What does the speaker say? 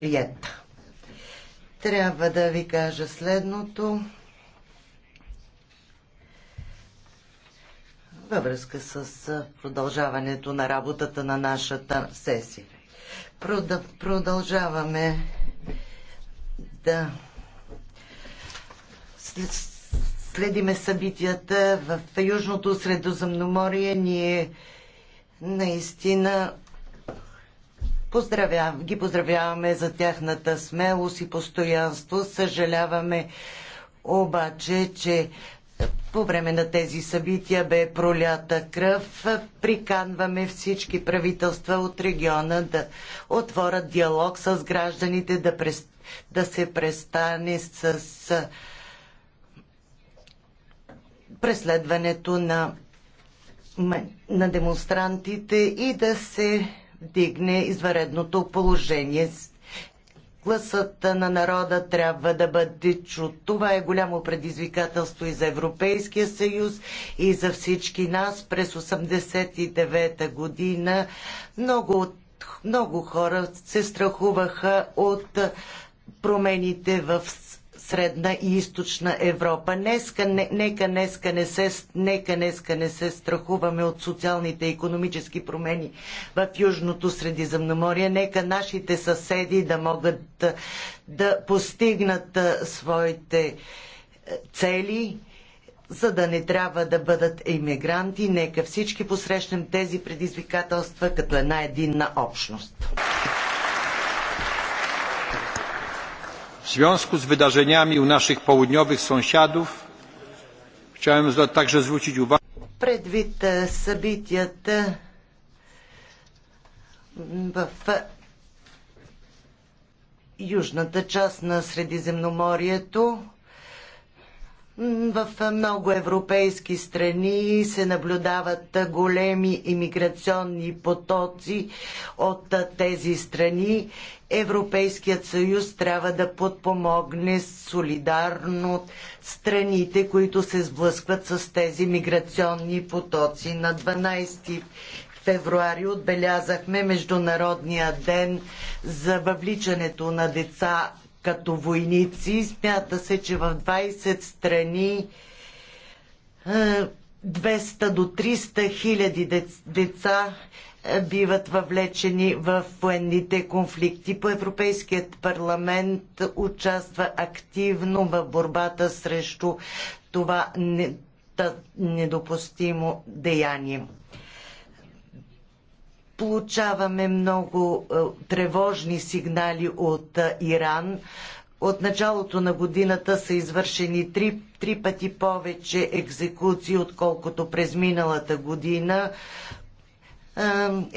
прията. Трябва да ви кажа следното. Във връзка с продължаването на работата на нашата сесия. Продължаваме да следиме събитията в Южното Средоземноморие. Ние наистина Поздравявам, ги поздравяваме за тяхната смелост и постоянство. Съжаляваме обаче, че по време на тези събития бе пролята кръв. Приканваме всички правителства от региона да отворят диалог с гражданите, да, прес... да се престане с преследването на, на демонстрантите и да се дигне изваредното положение. Гласът на народа трябва да бъде чут. Това е голямо предизвикателство и за Европейския съюз, и за всички нас. През 89-та година много, много хора се страхуваха от промените в Средна и Източна Европа. Неска, не, нека, днеска не се, нека не се страхуваме от социалните и економически промени в Южното Средиземноморие. Нека нашите съседи да могат да, да постигнат своите цели за да не трябва да бъдат иммигранти, нека всички посрещнем тези предизвикателства като една единна общност. W związku z wydarzeniami u naszych południowych sąsiadów chciałem także zwrócić uwagę. Предвид събитията в южната част на Средиземноморието, в много европейски страни се наблюдават големи имиграционни потоци от тези страни. Европейският съюз трябва да подпомогне солидарно страните, които се сблъскват с тези миграционни потоци. На 12 февруари отбелязахме Международния ден за въвличането на деца като войници. Смята се, че в 20 страни 200 до 300 хиляди деца биват въвлечени в военните конфликти. По Европейският парламент участва активно в борбата срещу това недопустимо деяние. Получаваме много е, тревожни сигнали от е, Иран. От началото на годината са извършени три, три пъти повече екзекуции, отколкото през миналата година е,